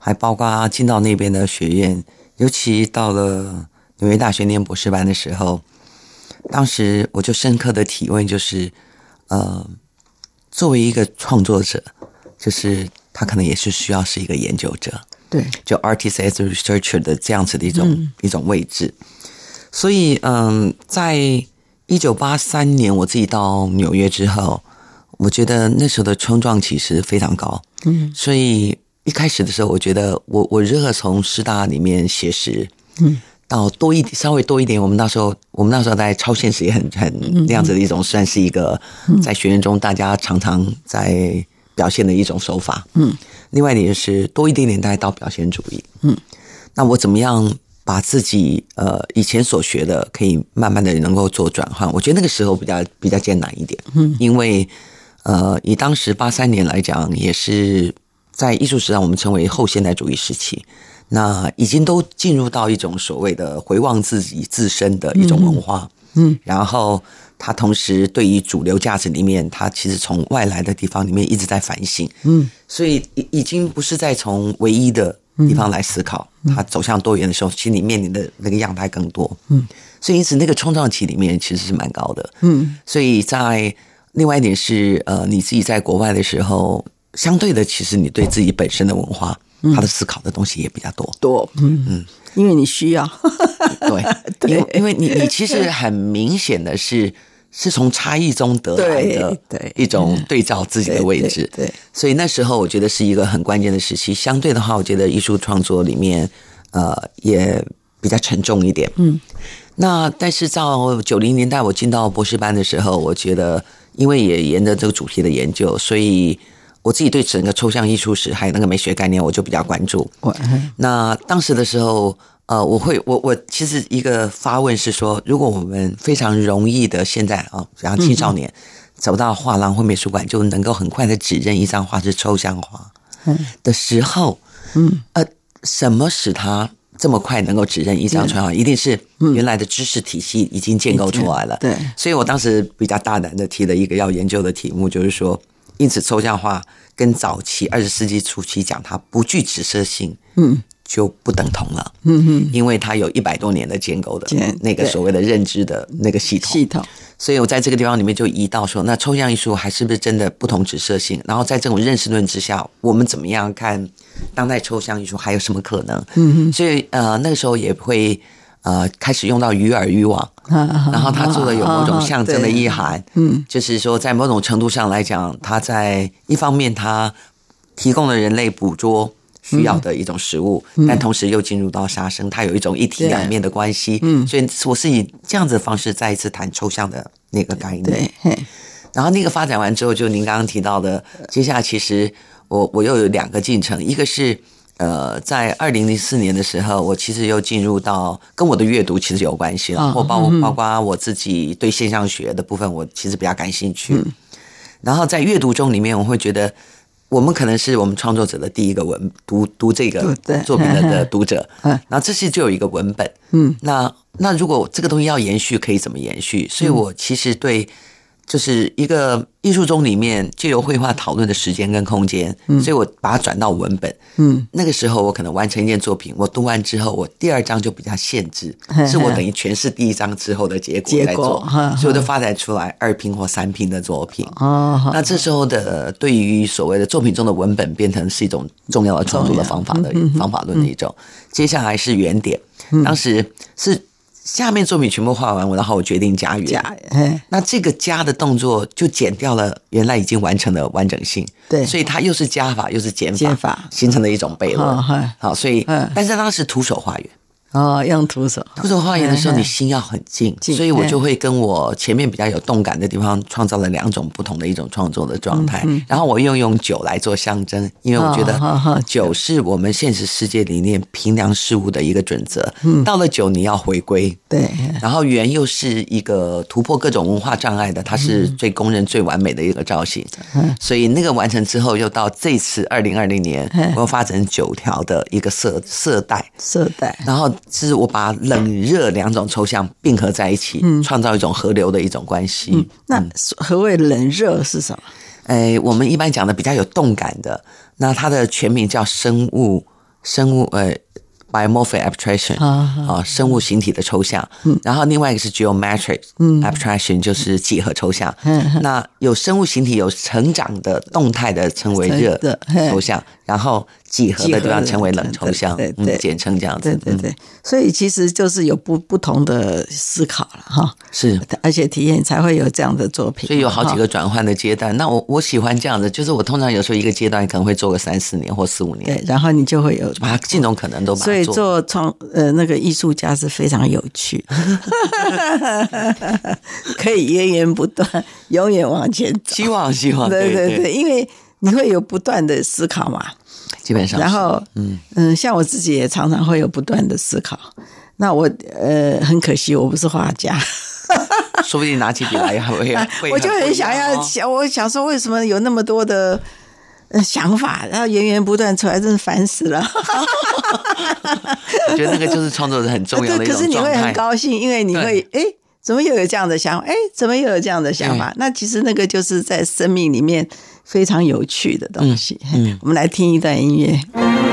還包括進到那邊的學院，尤其到了紐約大學念博士班的時候，當時我就深刻的體悟就是，呃，作為一個創作者，就是他可能也是需要是一個研究者，對，就 artist as researcher 的這樣子的一種、嗯、一種位置。所以，嗯、呃，在一九八三年我自己到紐約之後，我覺得那時候的衝撞其實非常高，嗯，所以。一開始的時候，我覺得我我如何從師大裡面寫實，嗯，到多一點，稍微多一點，我們那時候我們那時候在超現實也很很那樣子的一種，算是一個在學院中大家常常在表現的一種手法，嗯。另外一點是多一點點，帶到表現主義，嗯。那我怎麼樣把自己呃以前所學的，可以慢慢的能夠做轉換？我覺得那個時候比較比較艱難一點，嗯，因為呃以當時八三年來講也是。在藝術史上，我們稱為後現代主義時期，那已經都進入到一種所謂的回望自己自身的一種文化，嗯，嗯然後他同時對於主流價值裡面，他其實從外來的地方裡面一直在反省，嗯，所以已經不是在從唯一的地方來思考，他、嗯嗯、走向多元的時候，心裡面臨的那個樣態更多，嗯，所以因此那個衝撞期裡面其實是蠻高的，嗯，所以在另外一點是呃，你自己在國外的時候。相對的，其實你對自己本身的文化，嗯、他的思考的東西也比較多。多，嗯嗯，因為你需要。對，因為 對因為你你其實很明顯的是是從差異中得來的，對一種對照自己的位置。對，對對對所以那時候我覺得是一個很關鍵的時期。相對的話，我覺得藝術創作裡面，呃，也比較沉重一點。嗯，那但是到九零年代，我進到博士班的時候，我覺得因為也沿着這個主題的研究，所以。我自己對整個抽象藝術史還有那個美學概念，我就比較關注。嗯、那當時的時候，呃，我會，我我其實一個發問是說，如果我們非常容易的現在啊，然後、哦、青少年、嗯、走到畫廊或美術館，就能夠很快的指認一張畫是抽象畫的時候，嗯，呃，什麼使他這麼快能夠指認一張抽象畫？嗯、一定是原來的知識體系已經建構出來了。嗯嗯、對，所以我當時比較大膽的提了一個要研究的題目，就是說。因此，抽象畫跟早期二十世紀初期講它不具指涉性，嗯，就不等同了，嗯哼，嗯嗯，因為它有一百多年的建構的，那個所謂的認知的那個系統，嗯、系統。所以我在這個地方裡面就移到說，那抽象藝術還是不是真的不同指涉性？然後在這種認識論之下，我們怎麼樣看當代抽象藝術還有什麼可能？嗯哼，嗯，所以呃那個時候也會。呃，開始用到魚餌、漁網，啊、然後他做的有某種象徵的意涵，嗯、啊，就是說在某種程度上來講，對他在一方面他提供了人類捕捉需要的一種食物，嗯、但同時又進入到殺生，它、嗯、有一種一體兩面的關係，嗯對，所以我是以這樣子的方式再一次談抽象的那個概念，對，對然後那個發展完之後，就您剛剛提到的，接下來其實我我又有兩個進程，一個是。呃，在二零零四年的時候，我其實又進入到跟我的閱讀其實有關係了，或包括包括我自己對現象學的部分，我其實比較感興趣。嗯，然後在閱讀中裡面，我會覺得我們可能是我們創作者的第一個文讀讀這個作品的的讀者。嗯對，然後這是就有一個文本。嗯，那那如果這個東西要延續，可以怎麼延續？所以我其實對。就是一個藝術中裡面藉由繪畫討論的時間跟空間，嗯、所以我把它轉到文本，嗯，那個時候我可能完成一件作品，我讀完之後，我第二章就比較限制，是我等於全是第一章之後的結果來做，結果所以我就發展出來二拼或三拼的作品。哦、嗯，那這時候的對於所謂的作品中的文本變成是一種重要的創作的方法的、嗯、方法論的一種。接下來是原點，嗯、當時是。下面作品全部畫完，然後我決定加圓。加，那這個加的動作就減掉了原來已經完成的完整性。對，所以它又是加法又是減法，法形成的一種悖論。嗯、好，所以，嗯、但是當時徒手畫圓。哦，用徒手，徒手畫圓的時候，你心要很靜，嘿嘿，所以我就會跟我前面比較有動感的地方，創造了兩種不同的一種創作的狀態。嗯嗯、然後我又用酒來做象徵，因為我覺得酒是我們現實世界裡面評量事物的一個準則。嗯，到了酒你要回歸。對、嗯。然後圓又是一個突破各種文化障礙的，它是最公認最完美的一個造型。嗯。所以那個完成之後，又到這次二零二零年，嗯、我又發展九條的一個色色帶，色帶，色帶然後。是我把冷熱兩種抽象併合在一起，嗯、創造一種合流的一種關係。嗯、那何謂冷熱是什麼？誒、哎，我們一般講的比較有動感的，那它的全名叫生物生物呃，biomorphic abstraction 啊，raction, 好好啊，生物形體的抽象。嗯、然後另外一個是 geometric、嗯、abstraction，就是幾何抽象。嗯、那有生物形體有成長的動態的稱為熱的抽象。嗯 然後幾何的都要成為冷抽象，對對、對、嗯，簡稱這樣子。對對對，所以其實就是有不不同的思考了哈。是，而且體驗才會有這樣的作品。所以有好幾個轉換的階段。後那我我喜歡這樣的，就是我通常有時候一個階段可能會做個三四年，或四五年。對，然後你就會有把它這種可能都。所以做創呃那個藝術家是非常有趣， 可以源源不斷，永遠往前走。希望希望。希望對、對、對、對對對，因為。你會有不斷的思考嘛？基本上是，然後，嗯嗯，像我自己也常常會有不斷的思考。那我呃很可惜，我不是畫家， 說不定拿起筆來也會,、啊會哦、我就很想要想，我想說，為什麼有那麼多的想法，然後源源不斷出來，真是煩死了。我覺得那個就是創作人很重要的。可是你會很高興，因為你會哎對，怎麼又有這樣的想法？哎，怎麼又有這樣的想法？嗯、那其實那個就是在生命裡面。非常有趣的東西，嗯嗯、我們來聽一段音樂。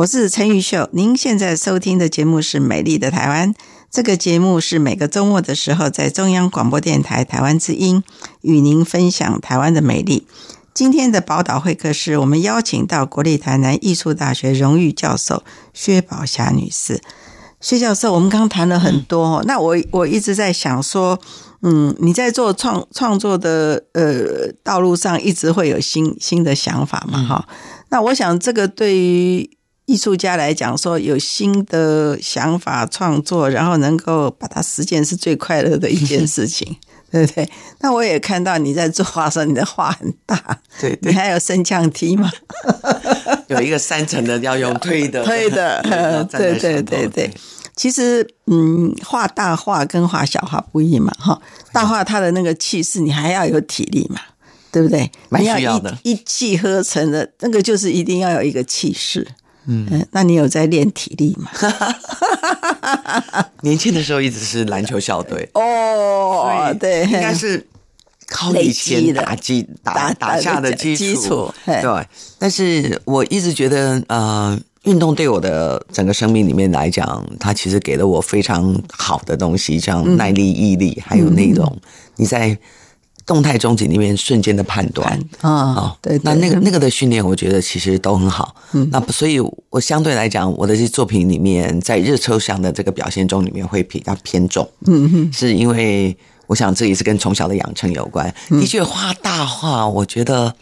我是陳玉秀，您現在收聽的節目是《美麗的台灣》。這個節目是每個周末的時候，在中央廣播電台《台灣之音》與您分享台灣的美麗。今天的寶島會客室，我們邀請到國立台南藝術大學榮譽教授薛保瑕女士。薛教授，我們剛談了很多，那我我一直在想說，嗯，你在做創創作的呃道路上，一直會有新新的想法嘛。哈、嗯，那我想這個對於藝術家來講，說有新的想法創作，然後能夠把它實踐，是最快樂的一件事情， 對不對？那我也看到你在做畫時，你的畫很大， 對，對，對 你還有升降梯嗎？ 有一個三層的，要用推的，推的，對對對對。其實，嗯，畫大畫跟畫小畫不一樣嘛，哈，大畫它的那個氣勢，你還要有體力嘛，對不對？你要，要一一氣呵成的，那個就是一定要有一個氣勢。嗯，那你有在練體力嗎？ 年輕的時候一直是籃球校隊哦，對，應該是靠以前打基打打下的基礎。基礎對，嗯，但是我一直覺得，呃，運動對我的整個生命裡面來講，它其實給了我非常好的東西，像耐力、毅力，嗯，還有那種你在。動態中景裡面瞬間的判斷啊，好，對，那那個那個的訓練，我覺得其實都很好。嗯，那所以，我相對來講，我的這些作品裡面，在熱抽象的這個表現中，裡面會比較偏重。嗯哼，是因為我想這也是跟從小的養成有關。的確、嗯，畫大畫，我覺得，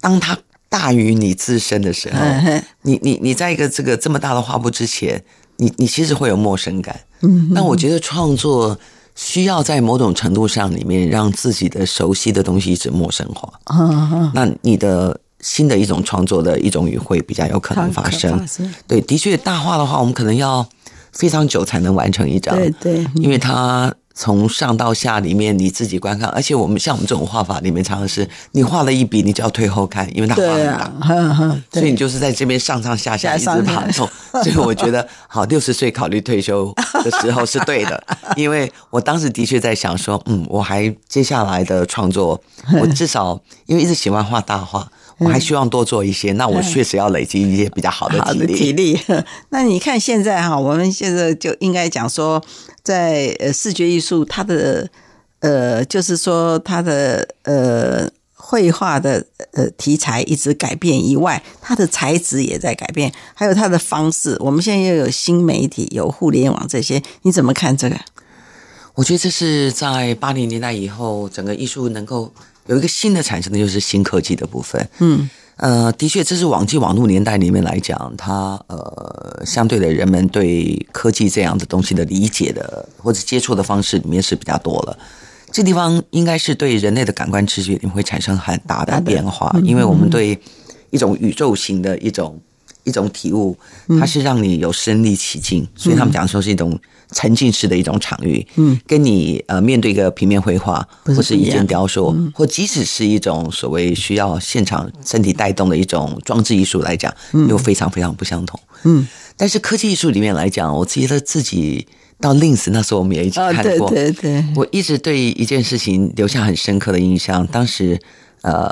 當它大於你自身的時候，嘿嘿你你你在一個這個這麼大的畫布之前，你你其實會有陌生感。嗯哼，但我覺得創作。需要在某種程度上裡面讓自己的熟悉的東西一直陌生化，uh huh. 那你的新的一種創作的一種語彙比較有可能發生。對，的確，大畫的話，我們可能要非常久才能完成一張，對對，因為它。從上到下裡面你自己觀看，而且我們像我們這種畫法裡面，常常是你畫了一筆，你就要退後看，因為它畫很大，啊、呵呵，所以你就是在這邊上上下下一直爬走。上 所以我覺得，好六十歲考慮退休的時候是對的， 因為我當時的確在想說，嗯，我還接下來的創作，我至少因為一直喜歡畫大畫。我還希望多做一些，嗯、那我確實要累積一些比較好的體力。嗯哎、好的體力， 那你看現在哈、啊，我們現在就應該講說，在視覺藝術，它的呃就是說它的呃繪畫的呃題材一直改變以外，它的材質也在改變，還有它的方式。我們現在又有新媒體，有互聯網這些，你怎麼看這個？我覺得這是在八零年代以後，整個藝術能夠。有一個新的產生的，就是新科技的部分。嗯呃，的確，這是網際網路年代裡面來講，它呃，相對的，人們對科技這樣的東西的理解的或者接觸的方式裡面是比較多了。嗯、這地方應該是對人類的感官知覺裡面會產生很大的變化，嗯、因為我們對一種宇宙型的一種一種體悟，它是讓你有身歷其境，嗯、所以他們講說是一種。沉浸式的一種場域，嗯，跟你呃面對一個平面繪畫，嗯、或是一件雕塑，嗯、或即使是一種所謂需要現場身體帶動的一種裝置藝術來講，嗯、又非常非常不相同，嗯。但是科技藝術裡面來講，我記得自己到令死林茲那時候我們也一起看過、哦，對對對。我一直對一件事情留下很深刻的印象，當時呃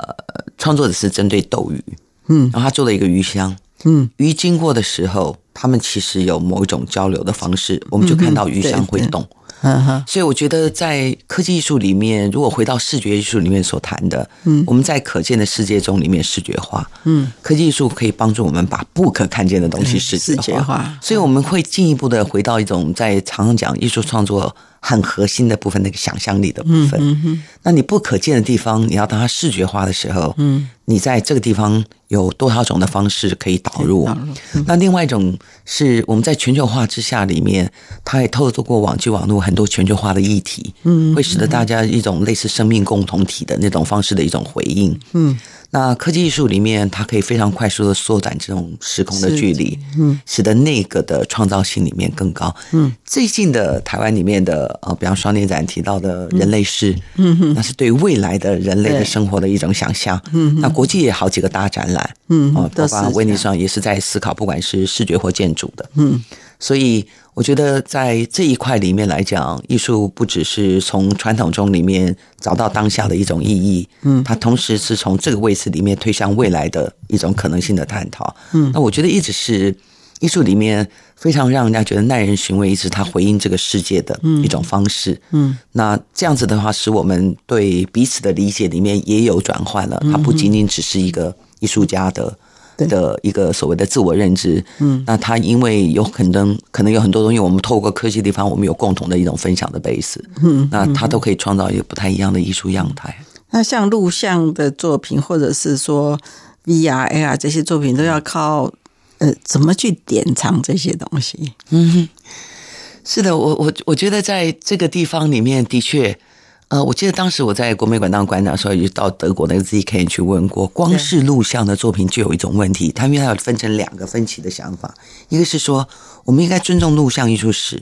創作的是針對鬥魚，嗯，然後他做了一個魚箱。嗯，魚經過的時候，他們其實有某一種交流的方式，嗯、我們就看到魚相會動。嗯哼，所以我覺得在科技藝術裡面，如果回到視覺藝術裡面所談的，嗯，我們在可見的世界中裡面視覺化，嗯，科技藝術可以幫助我們把不可看見的東西視覺化，化嗯、所以我們會進一步的回到一種在常常講藝術創作，很核心的部分，那個想象力的部分。嗯嗯、mm，hmm. 那你不可見的地方，你要當它視覺化的時候，嗯、mm，hmm. 你在這個地方有多少種的方式可以導入？Mm hmm. 那另外一種是我們在全球化之下裡面，它也透過網際網路很多全球化的議題，嗯、mm，hmm. 會使得大家一種類似生命共同體的那種方式的一種回應，嗯、mm。Hmm. 那科技藝術裡面，它可以非常快速的縮短這種時空的距離，嗯，使得那個的創造性裡面更高，嗯，最近的台灣裡面的呃、啊，比方說雙年展提到的人類世嗯，嗯哼，那是對未來的人類的生活的一種想象，嗯，那國際也好幾個大展覽，嗯哼，包括、哦、威尼斯上也是在思考，不管是視覺或建築的，嗯，所以。我覺得在這一塊裡面來講，藝術不只是從傳統中裡面找到當下的一種意義，嗯，它同時是從這個位置裡面推向未來的一種可能性的探討，嗯，那我覺得一直是藝術裡面非常讓人家覺得耐人尋味，一直它回應這個世界的一種方式，嗯，嗯，那這樣子的話，使我們對彼此的理解裡面也有轉換了，它不僅僅只是一個藝術家的。的一個所謂的自我認知，嗯，那他因為有很多，可能有很多東西，我們透過科技地方，我們有共同的一種分享的 basis，嗯，嗯，那他都可以創造一個不太一樣的藝術樣態。那像錄像的作品，或者是說 V R A R 這些作品，都要靠呃，怎麼去典藏這些東西？嗯，是的，我我我覺得在這個地方裡面，的確。呃，我記得當時我在國美館當館長的時候，就到德國那個 ZK 去問過，光是錄像的作品就有一種問題，因為對它要分成兩個分歧的想法，一個是說我們應該尊重錄像藝術史，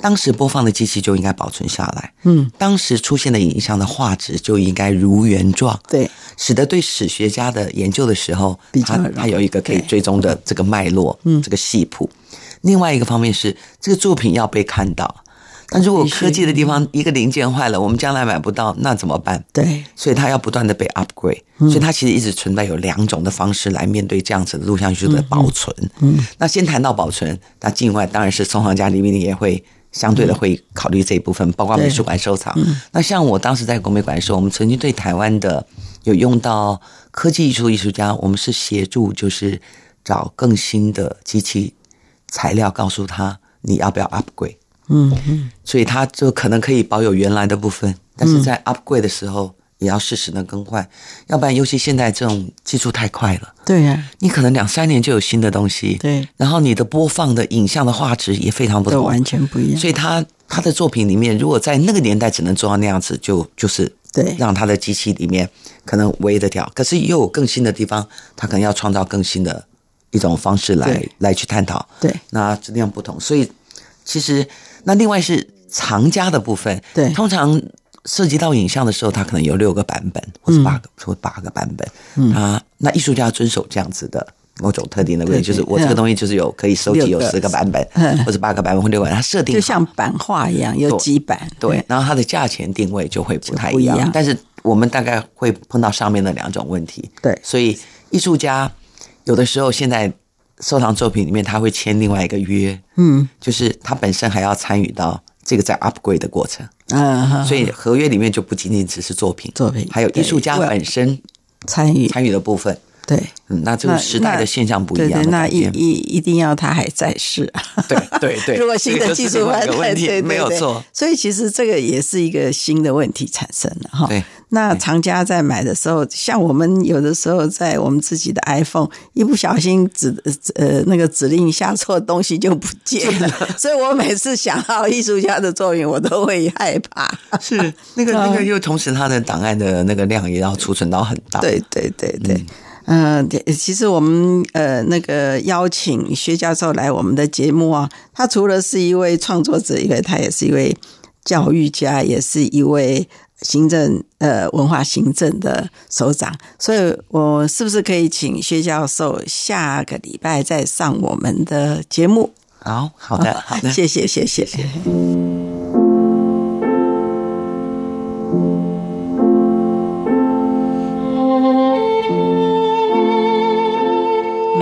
當時播放的機器就應該保存下來，嗯，當時出現的影像的畫質就應該如原狀，對，使得對史學家的研究的時候，他他有一個可以追蹤的這個脈絡，嗯，這個系譜，另外一個方面是這個作品要被看到。那如果科技的地方一個零件壞了，須我們將來買不到，那怎麼辦？對，所以它要不斷的被 upgrade，嗯。所以它其實一直存在有兩種的方式來面對這樣子的錄像藝術的保存。嗯，嗯嗯，那先談到保存，那境外當然是收藏家裡面，也會相對的會考慮這一部分，嗯、包括美術館收藏。對那像我當時在國美館的時候，我們曾經對台灣的有用到科技藝術的藝術家，我們是協助就是找更新的機器材料，告訴他你要不要 upgrade。嗯嗯，所以他就可能可以保有原來的部分，但是在 upgrade 的時候也要適時的更換，嗯、要不然，尤其現在這種技術太快了，對呀、啊，你可能兩三年就有新的東西，對，然後你的播放的影像的畫質也非常不同，都完全不一樣。所以他他的作品裡面，如果在那個年代只能做到那樣子，就就是對，讓他的機器裡面可能唯一的調，對可是又有更新的地方，他可能要創造更新的一種方式來對來去探討，對，那質量不同，所以其實。那另外是藏家的部分，對，通常涉及到影像的時候，它可能有六個版本或者八個，或八個版本，嗯，那藝術家要遵守這樣子的某種特定的規定，就是我這個東西就是有可以收集有十個版本，嗯，或者八個版本或六個，它設定就像版畫一樣有幾版，對，然後它的價錢定位就會不太一樣，但是我們大概會碰到上面的兩種問題，對，所以藝術家有的時候現在。收藏作品裡面，他會簽另外一個約，嗯，就是他本身還要參與到這個在 upgrade 的過程，嗯，所以合約裡面就不僅僅只是作品，作品，還有藝術家本身參與參與的部分。對，嗯、那這個時代的現象不一樣，那那對對。那一一一定要他還在世、啊。對對對。 如果新的技術還在，對，沒有錯。所以其實這個也是一個新的問題產生了哈。對那藏家在買的時候，像我們有的時候在我們自己的 iPhone，一不小心指呃那個指令下錯，東西就不見了。的所以我每次想到藝術家的作品，我都會害怕。是那個那個，那個、又同時他的檔案的那個量也要儲存到很大。對對對對。對對對嗯呃、嗯，其實我們呃那個邀請薛教授來我們的節目啊，她，除了是一位創作者以外，因為她也是一位教育家，也是一位行政呃文化行政的首長，所以我是不是可以請薛教授下個禮拜再上我們的節目？好，好的，好的，謝謝，謝謝。謝謝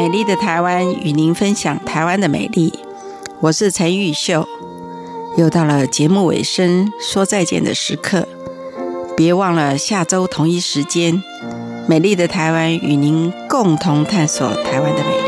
美麗的台灣與您分享台灣的美麗，我是陳玉秀。又到了節目尾聲，說再見的時刻，別忘了下周同一時間，美麗的台灣與您共同探索台灣的美。